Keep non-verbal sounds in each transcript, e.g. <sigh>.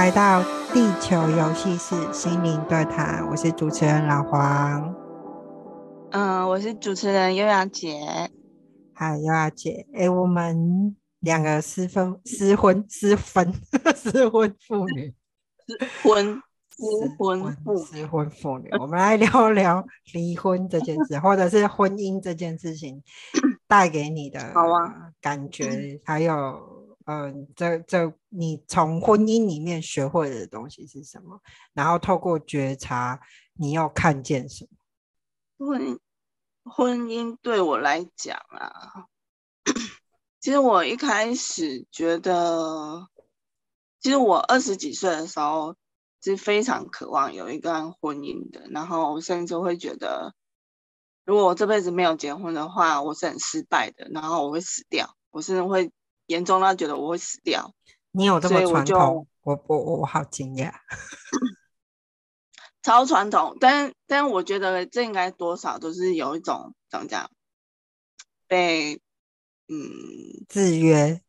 來到地球遊戲室心靈對談，我是主持人老黃。嗯、呃，我是主持人優雅姐。嗨，優雅姐，哎、欸，我們兩個失婚失婚失婚失婚婦女，失婚失婚失婚婦女，婦女婦我們來聊聊離婚這件事， <laughs> 或者是婚姻這件事情帶 <coughs> 給你的好啊、呃、感覺，嗯、還有。嗯，這這，你從婚姻裡面學會的東西是什麼？然後透過覺察，你要看見什麼？婚婚姻對我來講啊，其實我一開始覺得，其實我二十幾歲的時候是非常渴望有一段婚姻的，然後甚至會覺得，如果我這輩子沒有結婚的話，我是很失敗的，然後我會死掉，我甚至會。嚴重到覺得我會死掉。你有這麼傳統？所以我就，我我我好驚訝，超傳統。但但我覺得這應該多少都是有一種怎麼講？被嗯制約，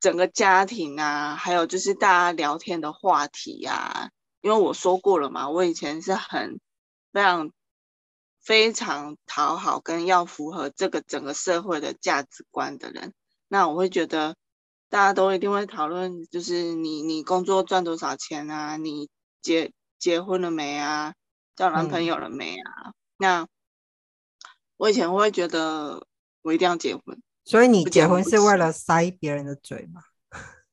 自圓整個家庭啊，還有就是大家聊天的話題呀、啊。因為我說過了嘛，我以前是很非常非常討好跟要符合這個整個社會的價值觀的人。那我會覺得，大家都一定會討論，就是你你工作賺多少錢啊？你結結婚了沒啊？交男朋友了沒啊？嗯、那我以前會覺得我一定要結婚，所以你結婚，結婚是為了塞別人的嘴嗎？ <laughs>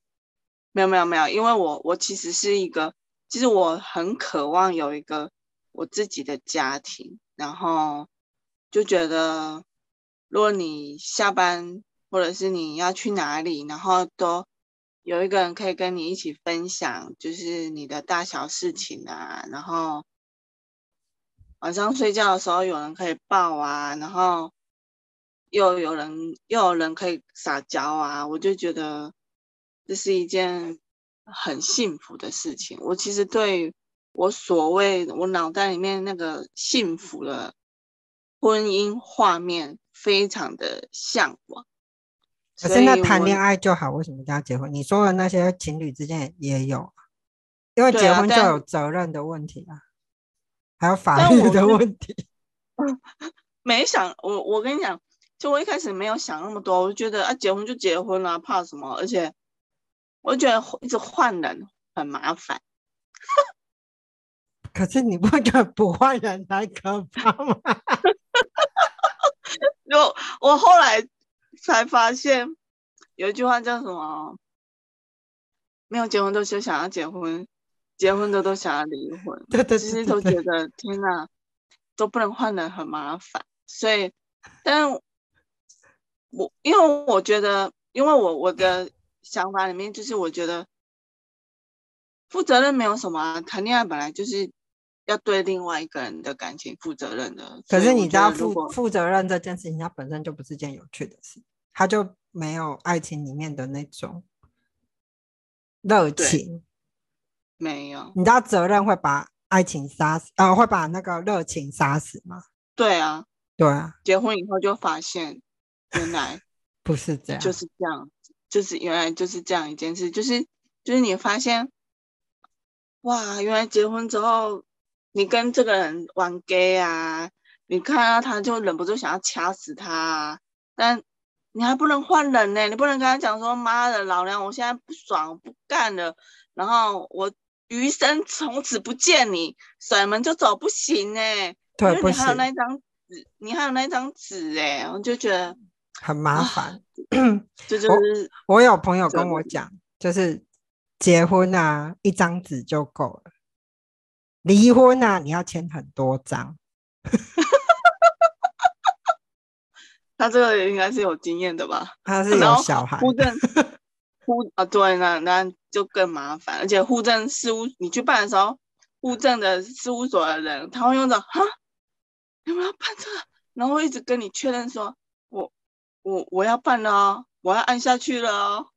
沒有沒有沒有，因為我我其實是一個，其實我很渴望有一個我自己的家庭，然後就覺得，如果你下班。或者是你要去哪裡，然後都有一個人可以跟你一起分享，就是你的大小事情啊。然後晚上睡覺的時候有人可以抱啊，然後又有人又有人可以撒嬌啊，我就覺得這是一件很幸福的事情。我其實對我所謂我腦袋裡面那個幸福的婚姻畫面非常的向往。我現在談戀愛就好，為什麼要結婚？你說的那些情侶之間也有，因為結婚就有責任的問題啊，啊還有法律的問題。沒想我，我跟你講，就我一開始沒有想那麼多，我就覺得啊，結婚就結婚了啊，怕什麼？而且，我覺得一直換人很麻煩。 <laughs> 可是你不覺得不換人才可怕嗎？我 <laughs> 我後來。才發現有一句話叫什麼？沒有結婚都是想要結婚，結婚的都想要離婚。對對，其實都覺得 <laughs> 天哪，都不能換人，很麻煩。所以，但我因為我覺得，因為我我的想法裡面就是，我覺得負責任沒有什麼，啊，談戀愛本來就是要對另外一個人的感情負責任的。可是你知道，負負責任這件事情，它本身就不是件有趣的事。他就沒有愛情裡面的那種熱情，沒有。你知道責任會把愛情殺死，啊、呃，會把那個熱情殺死嗎？對啊，對啊。結婚以後就發現，原來 <laughs> 不是這樣，就是這樣，就是原來就是這樣一件事，就是就是你發現，哇，原來結婚之後，你跟這個人玩 gay 啊，你看到、啊、他就忍不住想要掐死他，啊，但。你還不能換人呢、欸，你不能跟他講說，媽的，老娘我現在不爽，我不幹了，然後我餘生從此不見你，甩門就走，不行呢、欸。對，不行。你還有那張紙，行你還有那張紙，哎，我就覺得很麻煩哇。 <coughs> 就、就是我，我有朋友跟我講，就，就是結婚啊，一張紙就夠了；離婚啊，你要簽很多張。 <laughs> 他這個應該是有經驗的吧？他是有小孩，戶政啊， <laughs> 啊，對，那那就更麻煩，而且戶政事務，你去辦的時候，戶政的事務所的人他會用着啊，你不要辦這個？然後一直跟你確認說，我我我要辦了、哦，我要按下去了、哦。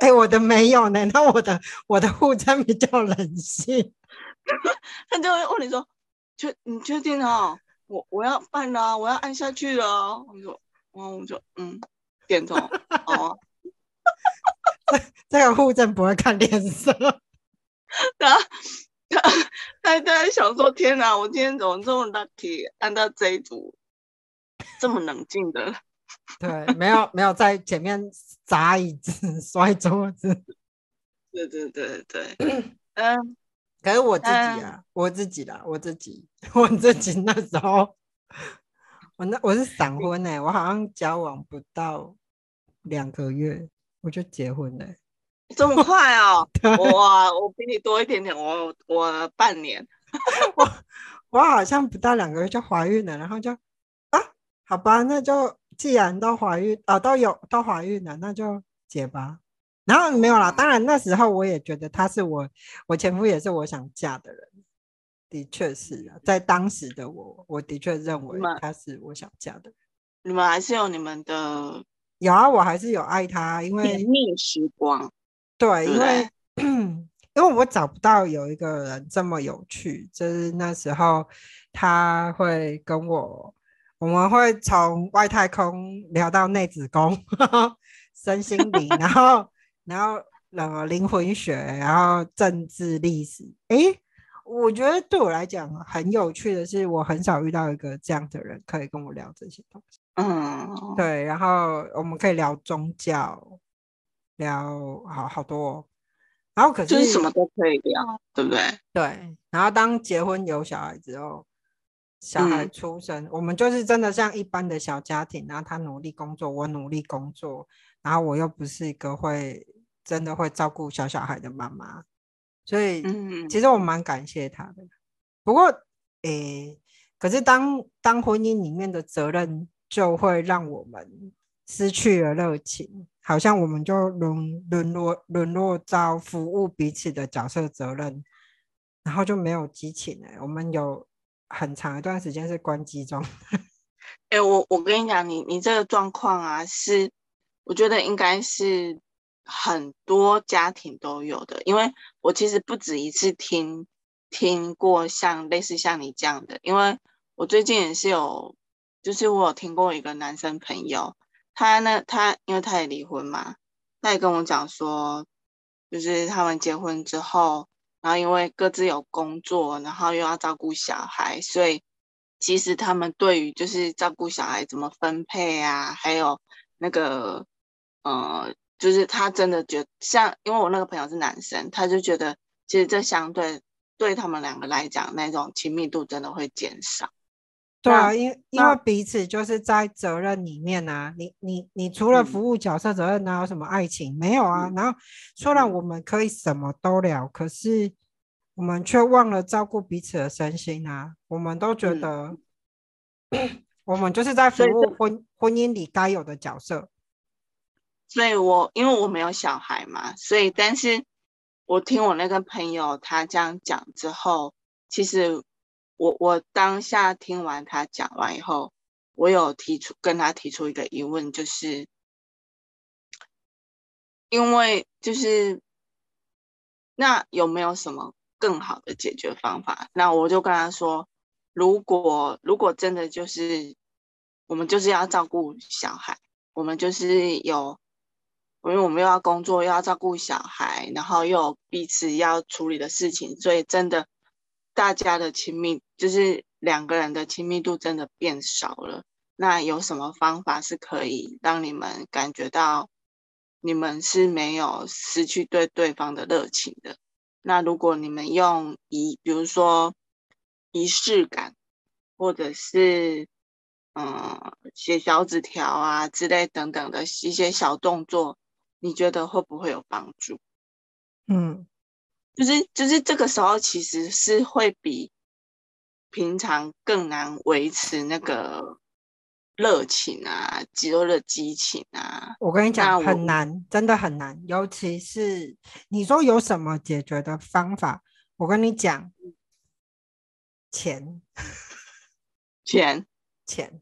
哎、欸，我的沒有呢，那我的我的戶政比較冷靜？ <laughs> 他就會問你說，確你確定哦？我我，要按啦，啊，我要按下去了，啊。我說，然後我就嗯點頭， <laughs> 哦，這個戶政不會看臉色，他他他他想說，天啊，我今天怎麼這麼 lucky，按到這一組，這麼冷靜的。 <laughs> 對，沒有沒有在前面砸椅子摔桌子。 <laughs> 對對對對， <coughs> 嗯。可是我自己啊，嗯、我自己啦，我自己，我自己那時候，我那我是閃婚哎、欸，我好像交往不到兩個月，我就結婚了，這麼快哦？我， <laughs> 我比你多一點點，我我半年， <laughs> 我我好像不到兩個月就懷孕了，然後就啊，好吧，那就既然都懷孕啊，都有都懷孕了，那就結吧。然後沒有啦。當然那時候我也覺得他是我，我前夫也是我想嫁的人。的確是、啊、在當時的我，我的確認為他是我想嫁的人。你們還是有你們的，有啊，我還是有愛他，因為甜蜜時光。對，對，因為因為我找不到有一個人這麼有趣，就是那時候他會跟我，我們會從外太空聊到內子宮，呵呵身心靈，然後。 <laughs> 然後，呃，靈魂學，然後政治歷史。哎，我覺得對我來講很有趣的是，我很少遇到一個這樣的人可以跟我聊這些東西。嗯，對。然後我們可以聊宗教，聊好，啊、好多，哦。然後可是，就是什麼都可以聊，對不對？對。然後當結婚有小孩之後，小孩出生，嗯，我們就是真的像一般的小家庭。然後他努力工作，我努力工作。然後我又不是一個會真的會照顧小小孩的媽媽，所以其實我蠻感謝他的。不過，誒、欸，可是當當婚姻裡面的責任就會讓我們失去了熱情，好像我們就淪淪落淪落到服務彼此的角色責任，然後就沒有激情了、欸。我們有很長一段時間是關機中。哎、欸，我我跟你講，你你這個狀況啊是。我覺得應該是很多家庭都有的，因為我其實不止一次聽聽過像類似像你這樣的，因為我最近也是有，就是我有聽過一個男生朋友，他呢，他因為他也離婚嘛，他也跟我講說，就是他們結婚之後，然後因為各自有工作，然後又要照顧小孩，所以其實他們對於就是照顧小孩怎麼分配啊，還有那個。呃，就是他真的覺得像，因為我那個朋友是男生，他就覺得其實這相對對他們兩個來講，那種親密度真的會減少。對啊，因因為彼此就是在責任裡面啊，你你你除了服務角色責任，哪有什麼愛情？嗯、沒有啊。然後雖然我們可以什麼都聊，嗯、可是我們卻忘了照顧彼此的身心啊。我們都覺得，我們就是在服務婚婚姻裡該有的角色。所以我，我因為我沒有小孩嘛，所以，但是，我聽我那個朋友他這樣講之後，其實我我當下聽完他講完以後，我有提出跟他提出一個疑問，就是，因為就是，那有沒有什麼更好的解決方法？那我就跟他說，如果如果真的就是，我們就是要照顧小孩，我們就是有。因為我們又要工作，又要照顧小孩，然後又有彼此要處理的事情，所以真的，大家的親密就是兩個人的親密度真的變少了。那有什麼方法是可以讓你們感覺到你們是沒有失去對對方的熱情的？那如果你們用儀，比如說儀式感，或者是，嗯，寫小紙條啊，之類等等的一些小動作。你覺得會不會有幫助？嗯，就是就是這個時候，其實是會比平常更難維持那個熱情啊，肌肉的激情啊。我跟你講，我很難，真的很難。尤其是你說有什麼解決的方法，我跟你講，錢， <laughs> 錢，錢，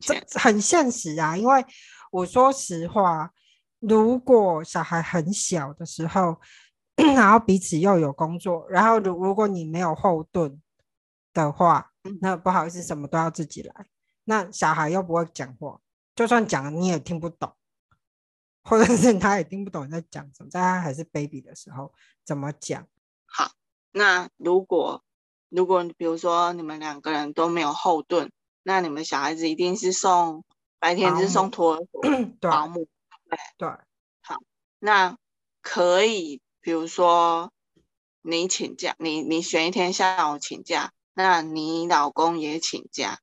錢，這很現實啊。因為我說實話。如果小孩很小的時候，然後彼此又有工作，然後如如果你沒有後盾的話，那不好意思，什麼都要自己來。嗯、那小孩又不會講話，就算講了你也聽不懂，或者是他也聽不懂你在講什麼。在他還是 baby 的時候，怎麼講？好，那如果如果比如說你們兩個人都沒有後盾，那你們小孩子一定是送，白天是送托保姆。保姆。保姆。對，好，那可以，比如說你請假，你你選一天下午請假，那你老公也請假，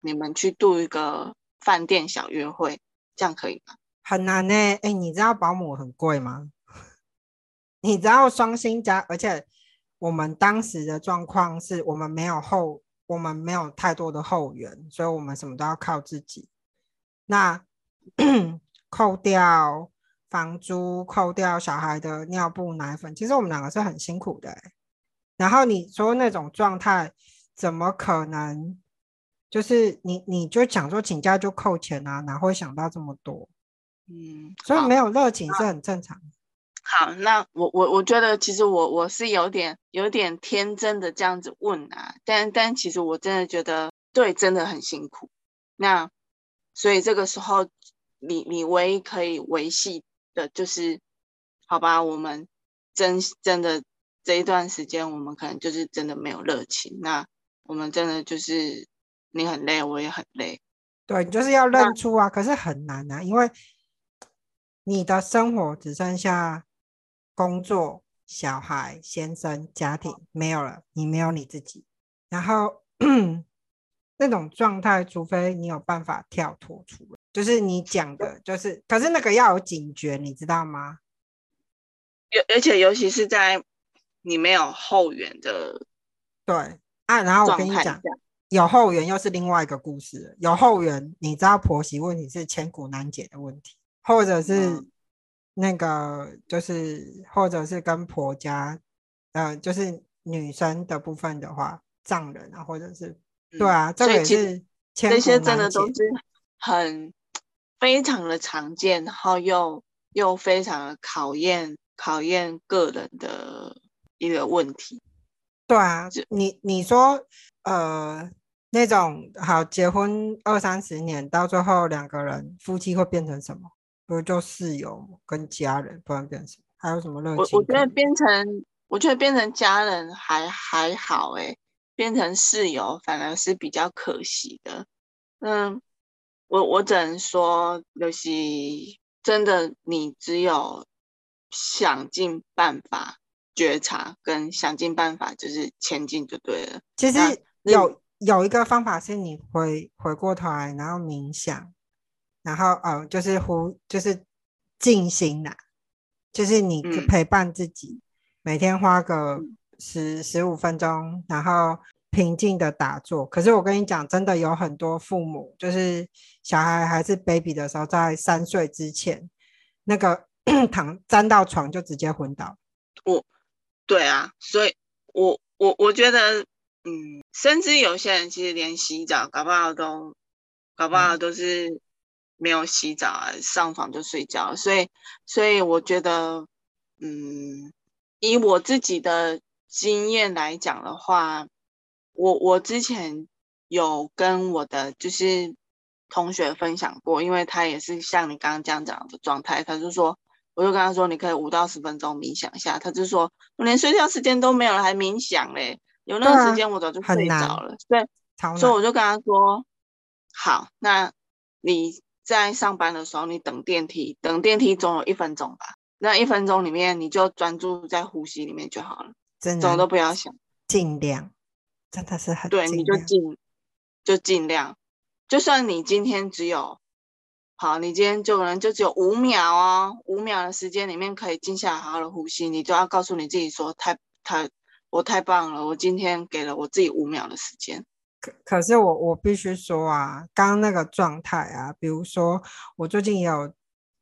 你們去度一個飯店小約會，這樣可以嗎？很難呢，欸欸，你知道保姆很貴嗎？你知道雙薪加，而且我們當時的狀況是我們沒有後，我們沒有太多的後援，所以我們什麼都要靠自己。那。 <coughs> 扣掉房租，扣掉小孩的尿布、奶粉，其實我們兩個是很辛苦的欸。然後你說那種狀態，怎麼可能？就是你，你就講說請假就扣錢啊，哪會想到這麼多？嗯，所以沒有熱情是很正常的。好，好，那我我我覺得其實我我是有點有點天真的這樣子問啊，但但其實我真的覺得對，真的很辛苦。那所以這個時候。你你唯一可以維繫的就是，好吧，我們真真的這一段時間，我們可能就是真的沒有熱情。那我們真的就是你很累，我也很累。對你就是要認出啊，那可是很難啊，因為你的生活只剩下工作、小孩、先生、家庭沒有了，你沒有你自己。然後 <coughs> 那種狀態，除非你有辦法跳脫出來。就是你講的，就是可是那個要有警覺，你知道嗎？而而且尤其是在你沒有後援的，對啊。然後我跟你講，有後援又是另外一個故事。有後援，你知道婆媳問題是千古難解的問題，或者是那個就是，嗯、或者是跟婆家，呃，就是女生的部分的話，丈人啊，或者是、嗯、對啊，這個是千古難解，其那些真的都是很。非常的常見，然後又又非常的考驗考驗個人的一個問題。對啊，是你你說呃那種好結婚二三十年，到最後兩個人夫妻會變成什麼？不如就室友跟家人，不然變成還有什麼？我我覺得變成我覺得變成家人還還好哎、欸，變成室友反而是比較可惜的。嗯。我我只能說，尤其真的你只有想盡辦法覺察，跟想盡辦法就是前進就對了。其實有有一個方法是你回回過頭來，然後冥想，然後哦、呃，就是呼，就是靜心啦，就是你陪伴自己，嗯、每天花個十十五、嗯、分鐘，然後。平靜的打坐。可是我跟你講，真的有很多父母，就是小孩還是 baby 的時候，在三歲之前，那個 <coughs> 躺粘到床就直接昏倒。我，對啊，所以我我我覺得，嗯，甚至有些人其實連洗澡搞不好都搞不好都是沒有洗澡啊，嗯、上床就睡覺。所以所以我覺得，嗯，以我自己的經驗來講的話。我我之前有跟我的就是同學分享過，因為他也是像你剛剛這樣講的狀態，他就說，我就跟他說，你可以五到十分鐘冥想一下。他就說，我連睡覺時間都沒有了，還冥想嘞？有那個時間我早就睡着了。對啊，很難，對，超難。所以我就跟他說，好，那你在上班的時候，你等電梯，等電梯總有一分鐘吧？那一分鐘裡面，你就專注在呼吸裡面就好了，真的，什麼都不要想，盡量。真的是很對，你就盡就盡量，就算你今天只有好，你今天就可能就只有五秒哦，五秒的時間裡面可以靜下來好好的呼吸，你都要告訴你自己說太太，我太棒了，我今天給了我自己五秒的時間。可、可是我我必須說啊，剛剛那個狀態啊，比如說我最近有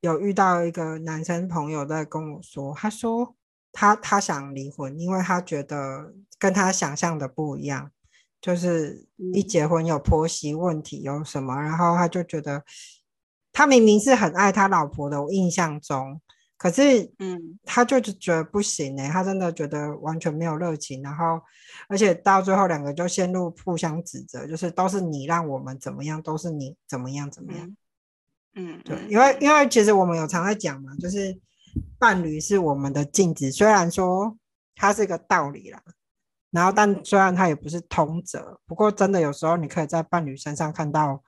有遇到一個男生朋友在跟我說，他說。他他想離婚，因為他覺得跟他想象的不一樣，就是一結婚有婆媳問題有什麼，嗯、然後他就覺得他明明是很愛他老婆的，我印象中，可是嗯，他就覺得不行哎、欸，他真的覺得完全沒有熱情，然後而且到最後兩個就陷入互相指責，就是都是你讓我們怎麼樣，都是你怎麼樣怎麼樣，嗯，對，因為因為其實我們有常在講嘛，就是。伴侶是我們的鏡子，雖然說它是個道理啦，然後但雖然它也不是通則，不過真的有時候你可以在伴侶身上看到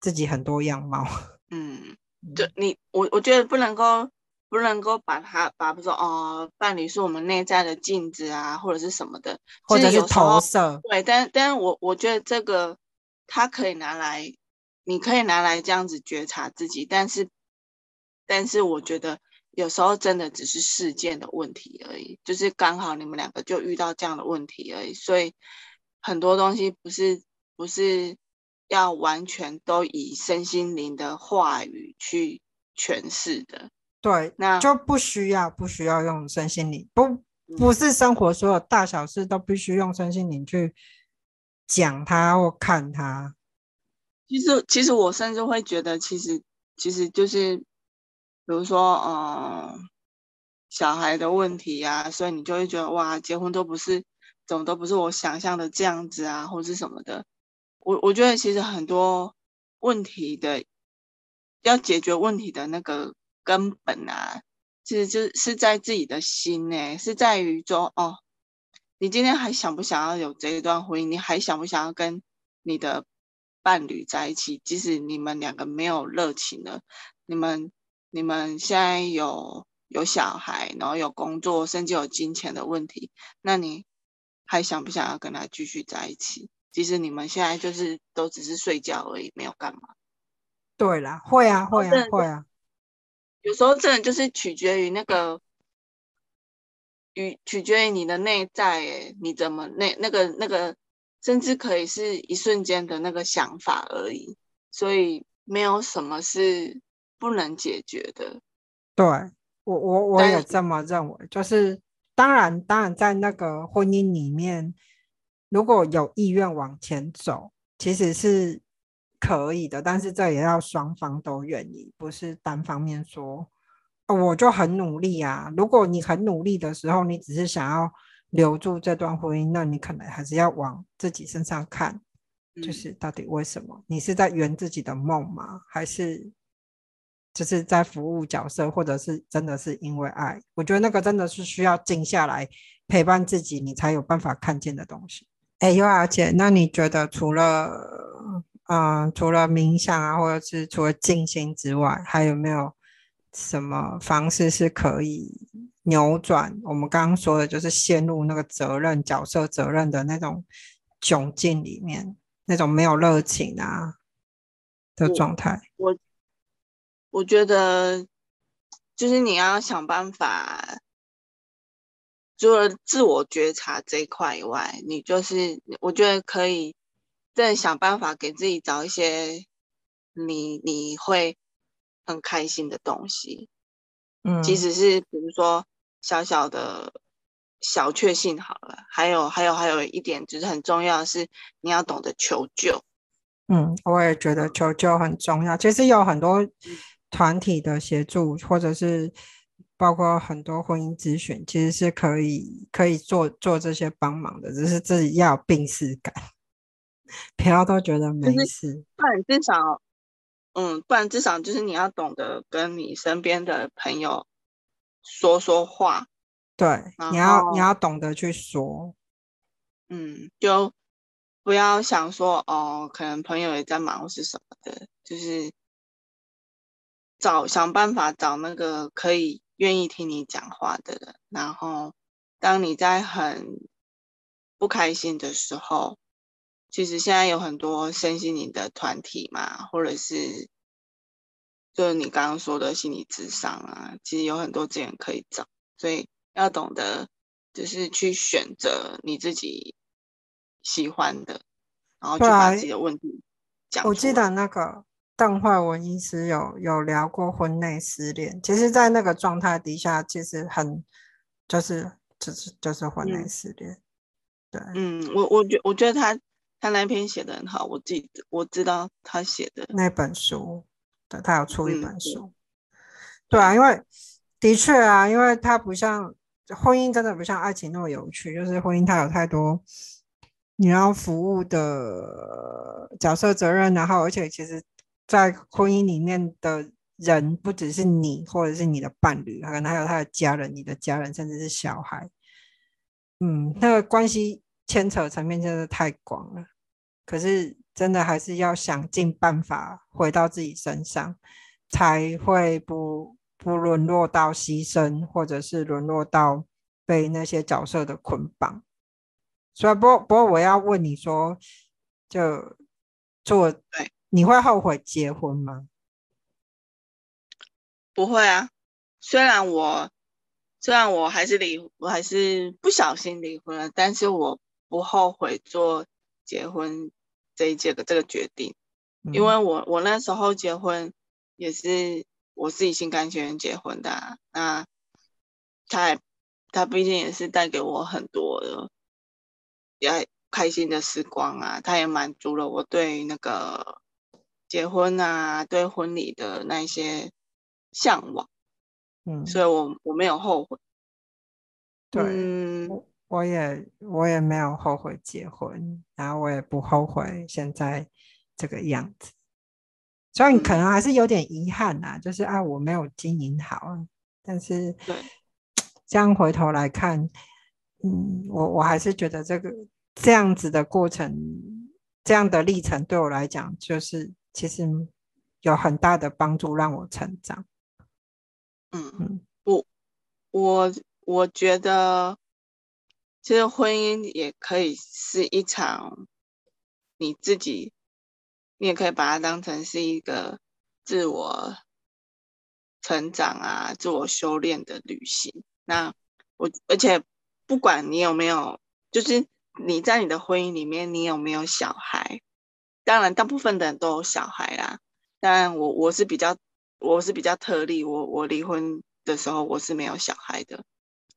自己很多樣貌。嗯，對，你我我覺得不能夠不能夠把它把，比如說哦，伴侶是我們內在的鏡子啊，或者是什麼的，或者是投射。對，但但我我覺得這個它可以拿來，你可以拿來這樣子覺察自己，但是但是我覺得。有時候真的只是事件的問題而已，就是剛好你們兩個就遇到這樣的問題而已，所以很多東西不是不是要完全都以身心靈的話語去詮釋的。對，那就不需要不需要用身心靈，不、嗯、不是生活所有大小事都必須用身心靈去講它或看它。其實其實我甚至會覺得，其實其實就是。比如說，嗯、呃、小孩的問題啊，所以你就會覺得，哇，結婚都不是，怎麼都不是我想象的這樣子啊，或是什麼的。我我覺得其實很多問題的，要解決問題的那個根本啊，其實就是，是在自己的心誒、欸，是在於說，哦，你今天還想不想要有這一段婚姻？你還想不想要跟你的伴侶在一起？即使你們兩個沒有熱情了，你們。你們現在有有小孩，然後有工作，甚至有金錢的問題，那你還想不想要跟他繼續在一起？其實你們現在就是都只是睡覺而已，沒有幹嘛。對啦，會啊，會啊，會啊。有時候真的就是取決於那個，與取決於你的內在、欸，你怎麼那那個、那個、那個，甚至可以是一瞬間的那個想法而已。所以沒有什麼是。不能解決的，對，我我我也這麼認為，但是，就是當然當然在那個婚姻裡面，如果有意願往前走，其實是可以的，但是這也要雙方都願意，不是單方面說、哦，我就很努力啊。如果你很努力的時候，你只是想要留住這段婚姻，那你可能還是要往自己身上看，就是到底為什麼、嗯、你是在圓自己的夢嗎？還是？就是在服務角色，或者是真的是因為愛，我覺得那個真的是需要靜下來陪伴自己，你才有辦法看見的東西、欸。哎，尤雅姐，那你覺得除了嗯，除了冥想啊，或者是除了靜心之外，還有沒有什麼方式是可以扭轉我們剛剛說的，就是陷入那個責任角色、責任的那種窘境裡面，那種沒有熱情啊的狀態？我。我覺得就是你要想辦法，除了自我覺察這一塊以外，你就是我覺得可以再想辦法給自己找一些你你會很開心的東西，嗯，即使是比如說小小的小確幸好了。還有還有還有一點，就是很重要是你要懂得求救。嗯，我也覺得求救很重要。其實有很多、嗯。團體的協助，或者是包括很多婚姻諮詢，其實是可以可以做做這些幫忙的，只是自己要有病識感，不要都覺得沒事。不然、就是、至少，嗯，不然至少就是你要懂得跟你身邊的朋友說說話，對，後你要你要懂得去說，嗯，就不要想說哦，可能朋友也在忙或是什麼的，就是。找想辦法找那個可以願意聽你講話的人，然後當你在很不開心的時候，其實現在有很多身心靈的團體嘛，或者是就是你剛剛說的心理諮商啊，其實有很多資源可以找，所以要懂得就是去選擇你自己喜歡的，然後就把自己的問題講。我記得那個。鄧惠文醫師有有聊過婚內失戀，其實在那個狀態底下，其實很就是就是就是婚內失戀。嗯、對，嗯，我我覺我覺得他他那篇寫得很好，我自己我知道他寫的那本書，對，他有出一本書。嗯、對，對啊，因為的確啊，因為他不像婚姻，真的不像愛情那麼有趣，就是婚姻他有太多你要服務的角色責任，然後而且其實。在婚姻裡面的人，不只是你，或者是你的伴侶，可能還有他的家人、你的家人，甚至是小孩。嗯，那個關係牽扯層面真的太廣了。可是，真的還是要想盡辦法回到自己身上，才會不不淪落到犧牲，或者是淪落到被那些角色的捆綁。所以不過，不過我要問你說，就做對。你會後悔結婚嗎？不會啊，雖然我，雖然我還是離，我還是不小心離婚了，但是我不後悔做結婚這一屆的這個決定，嗯、因為我我那時候結婚也是我自己心甘情願結婚的、啊，那他也他畢竟也是帶給我很多的也開心的時光啊，他也滿足了我對那個。結婚啊，對婚禮的那些向往，嗯，所以我我沒有後悔，對、嗯我，我也我也沒有後悔結婚，然後我也不後悔現在這個樣子，雖然你可能還是有點遺憾吶、啊，嗯、就是啊我沒有經營好，但是對，這樣回頭來看，嗯，我我還是覺得這個這樣子的過程，這樣的歷程對我來講就是。其實有很大的幫助，讓我成長。嗯，嗯，不，我我我覺得，其實婚姻也可以是一場你自己，你也可以把它當成是一個自我成長啊、自我修煉的旅行。那我而且不管你有沒有，就是你在你的婚姻裡面，你有沒有小孩？當然，大部分的人都有小孩啦。當然，我我是比較，我是比較特例。我我離婚的時候我是沒有小孩的，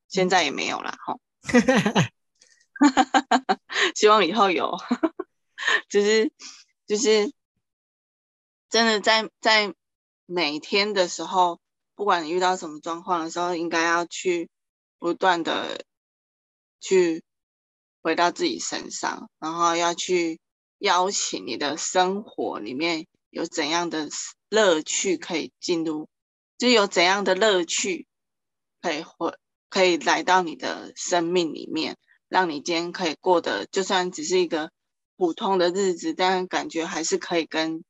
現在也沒有啦。齁， <laughs> <laughs> 希望以後有、 <laughs> 就是。就是就是，真的在在每天的時候，不管你遇到什麼狀況的時候，應該要去不斷的去回到自己身上，然後要去。邀請你的生活裡面有怎樣的樂趣可以進入，就有怎樣的樂趣可以回，可以來到你的生命裡面，讓你今天可以過得，就算只是一個普通的日子，但感覺還是可以跟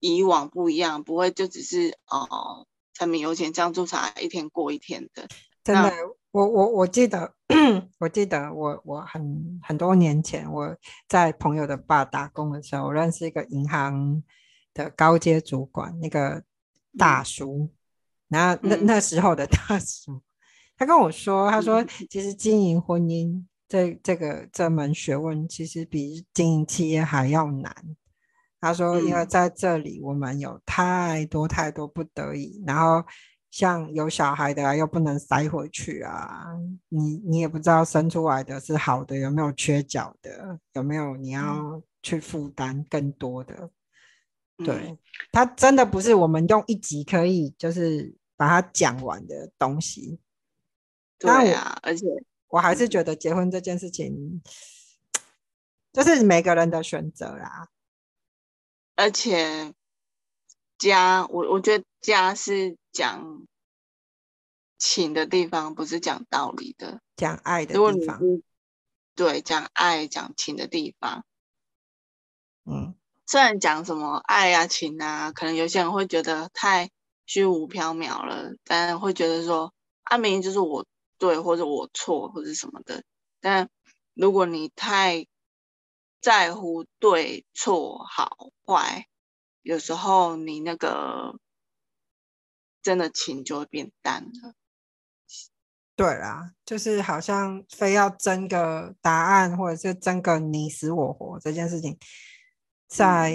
以往不一樣，不會就只是，哦，柴米油鹽醬醋茶，一天過一天的。真的，啊、我我我記得，我記得我我很很多年前，我在朋友的爸打工的時候，我認識一個銀行的高階主管，那個大叔。嗯、然後那、嗯、那時候的大叔，他跟我說，他說其實經營婚姻、嗯、這這個這門學問，其實比經營企業還要難。他說，因為在這裡我們有太多太多不得已，然後。像有小孩的啊，又不能塞回去啊！你你也不知道生出來的是好的，有沒有缺角的，有沒有你要去負擔更多的。嗯、對，他真的不是我們用一集可以就是把它講完的東西。嗯、我對呀、啊，而且我還是覺得結婚這件事情，就、嗯、是每個人的選擇啦。而且家，我我覺得家是。講情的地方，不是講道理的，講愛的地方。如果你，對，講愛、講情的地方。嗯，雖然講什麼愛啊、情啊，可能有些人會覺得太虛無縹緲了，但會覺得說啊、明明就是我對，或者我錯，或者什麼的。但如果你太在乎對錯好壞，有時候你那個。真的情就會變淡了，對啦，就是好像非要爭個答案，或者是爭個你死我活這件事情，在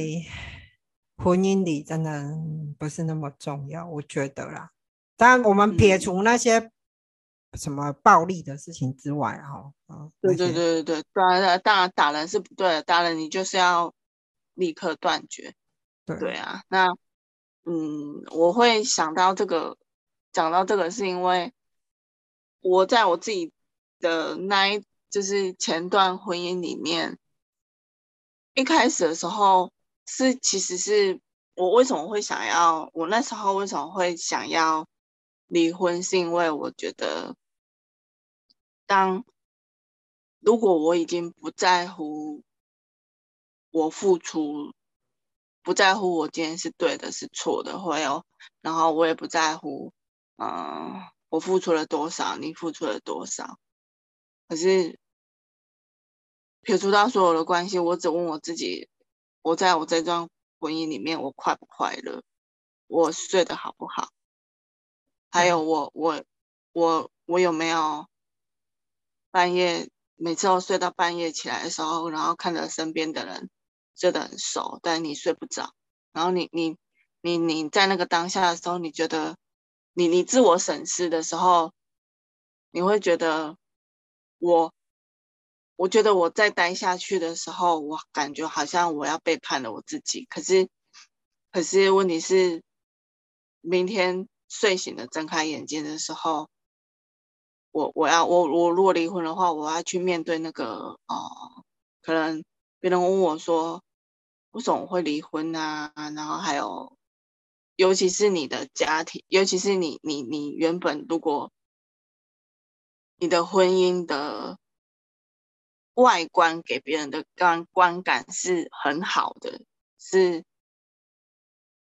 婚姻裡真的不是那麼重要，我覺得啦。當然，我們撇除那些什麼暴力的事情之外，哦，哈，嗯，對，那些，對對對對，當然當然打人是不對的，打人你就是要立刻斷絕，對對啊，那。嗯，我會想到這個，講到這個是因為我在我自己的那一就是前段婚姻裡面，一開始的時候是其實是我為什麼會想要，我那時候為什麼會想要離婚，是因為我覺得當，當如果我已經不在乎我付出。不在乎我今天是對的，是錯的，會有，然後我也不在乎，嗯、呃，我付出了多少，你付出了多少，可是撇除掉所有的關係，我只問我自己，我在我這段婚姻裡面，我快不快樂，我睡得好不好，還有我我我我有沒有半夜，每次我睡到半夜起來的時候，然後看着身邊的人。真的很熟，但你睡不着。然後你你你你在那個當下的時候，你覺得你你自我審視的時候，你會覺得我我覺得我再待下去的時候，我感覺好像我要背叛了我自己。可是可是問題是，明天睡醒了睜開眼睛的時候，我我要我我如果離婚的話，我要去面對那個啊、呃，可能別人問我說。為什麼我會離婚啊？然後還有，尤其是你的家庭，尤其是你，你，你原本如果你的婚姻的外觀給別人的觀觀感是很好的，是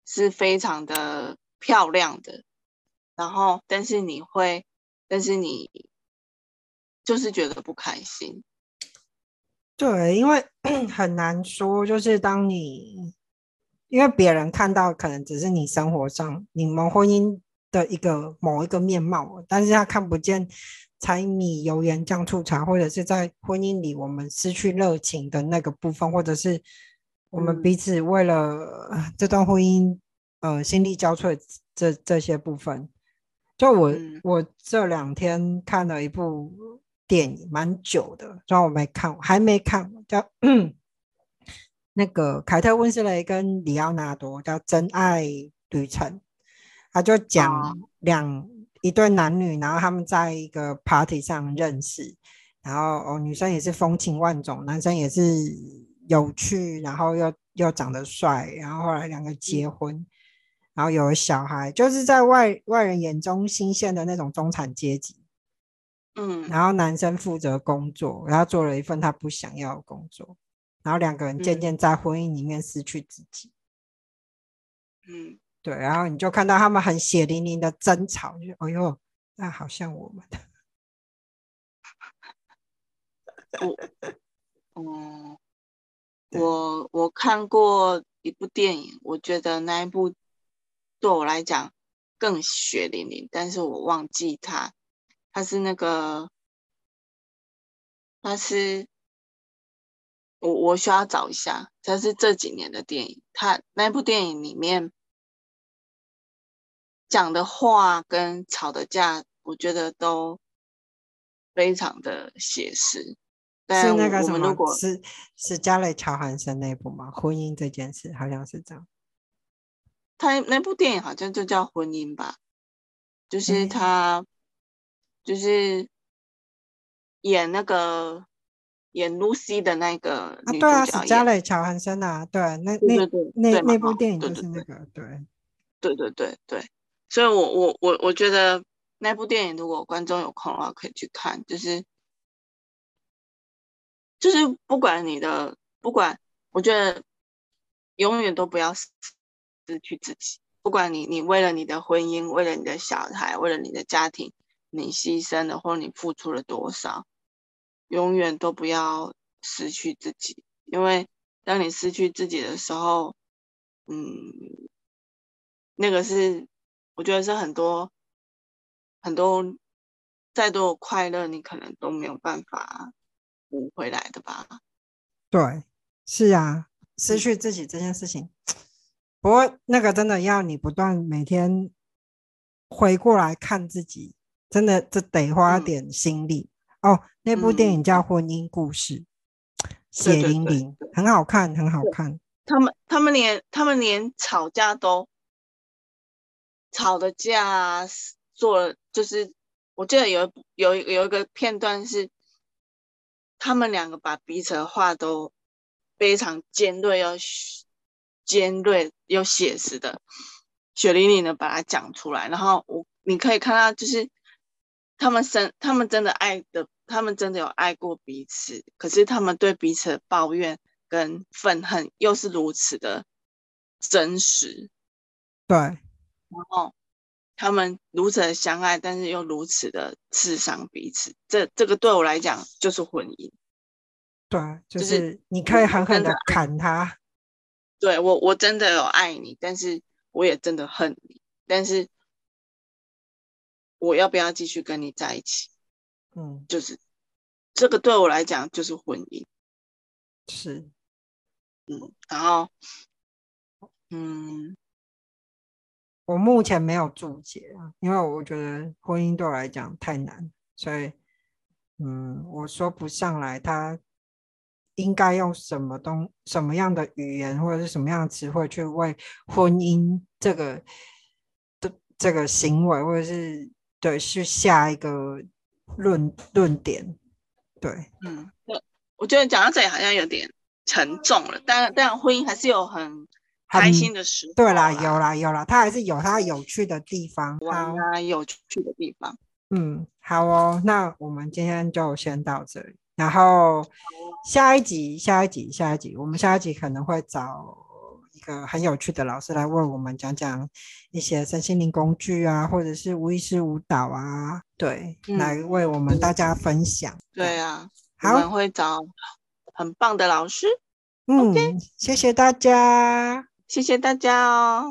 是非常的漂亮的，然後但是你會，但是你就是覺得不開心。對，因為很難說，就是當你因為別人看到，可能只是你生活上你們婚姻的一個某一個面貌，但是他看不見柴米油鹽醬醋茶，或者是在婚姻裡我們失去熱情的那個部分，或者是我們彼此為了、嗯、這段婚姻呃心力交瘁這這些部分。就我、嗯、我這兩天看了一部。電影蠻久的，雖然我沒看，還沒看過叫、嗯、那個凱特溫斯雷跟李奧納多叫《真愛旅程》，他就講兩、哦、一對男女，然後他們在一個 party 上認識，然後哦女生也是風情萬種，男生也是有趣，然後又又長得帥，然後後來兩個結婚，嗯、然後有了小孩，就是在外外人眼中新鮮的那種中產階級。嗯，然後男生負責工作，然後做了一份他不想要的工作，然後兩個人漸漸在婚姻裡面失去自己。嗯，嗯對，然後你就看到他們很血淋淋的爭吵，就哎呦，那好像我們的。我、嗯，嗯，我我看過一部電影，我覺得那一部對我來講更血淋淋，但是我忘記它。他是那個，他是我我，需要找一下，他是這幾年的電影，他那部電影裡面講的話跟吵的架，我覺得都非常的寫實。是那個什麼？如果是是嘉蕾喬韓森那一部嗎？婚姻這件事好像是這樣。他那部電影好像就叫《婚姻》吧，就是他。嗯就是演那個演露西的那個女主角，啊，對啊，是嘉蕾喬漢森啊，對，那對對對那對對對那對嗎那部電影就是那個，對，對，對，對，對對對對，對所以我我我我覺得那部電影如果觀眾有空的話可以去看，就是就是不管你的不管，我覺得永遠都不要失去自己，不管你你為了你的婚姻，為了你的小孩，為了你的家庭。你犧牲了，或者你付出了多少，永遠都不要失去自己，因為當你失去自己的時候，嗯，那個是，我覺得是很多很多，再多的快樂你可能都沒有辦法補回來的吧？對，是啊，失去自己這件事情，不過那個真的要你不斷每天回過來看自己。真的，這得花點心力哦。嗯 oh, 那部電影叫《婚姻故事》，嗯、血淋淋，對對對，很好看，很好看。他們他們連他們連吵架都吵的架、啊，做了。就是我記得有一有有一個片段是，他們兩個把彼此的話都非常尖銳，尖銳又尖銳又寫實的，血淋淋的把它講出來。然後我你可以看到就是。他們生，他們真的愛的，他們真的有愛過彼此。可是他們對彼此的抱怨跟憤恨又是如此的真實。對，然後他們如此的相愛，但是又如此的刺傷彼此。這，這個對我來講就是婚姻。對，就是、就是、你可以狠狠的砍他。對，我，我真的有愛你，但是我也真的恨你，但是。我要不要繼續跟你在一起？嗯，就是這個對我來講就是婚姻，是，嗯，然後，嗯，我目前沒有注解啊，因為我覺得婚姻對我來講太難，所以，嗯，我說不上來他應該用什麼東什麼樣的語言或者是什麼樣的詞彙去為婚姻這個這這個行為或者是。對，是下一個論論點。對，嗯，我我覺得講到這裡好像有點沉重了，但但婚姻還是有很開心的時候。對啦，有啦，有啦，它還是有它有趣的地方，哇、有啊，然後有啊，有趣的地方。嗯，好哦，那我們今天就先到這裡，然後下一集，下一集，下一集，我們下一集可能會找一個很有趣的老師來為我們講講一些身心靈工具啊，或者是無意識舞蹈啊，對，嗯、來為我們大家分享。對，對啊，我好們會找很棒的老師。嗯，Okay? 謝謝大家，謝謝大家。哦。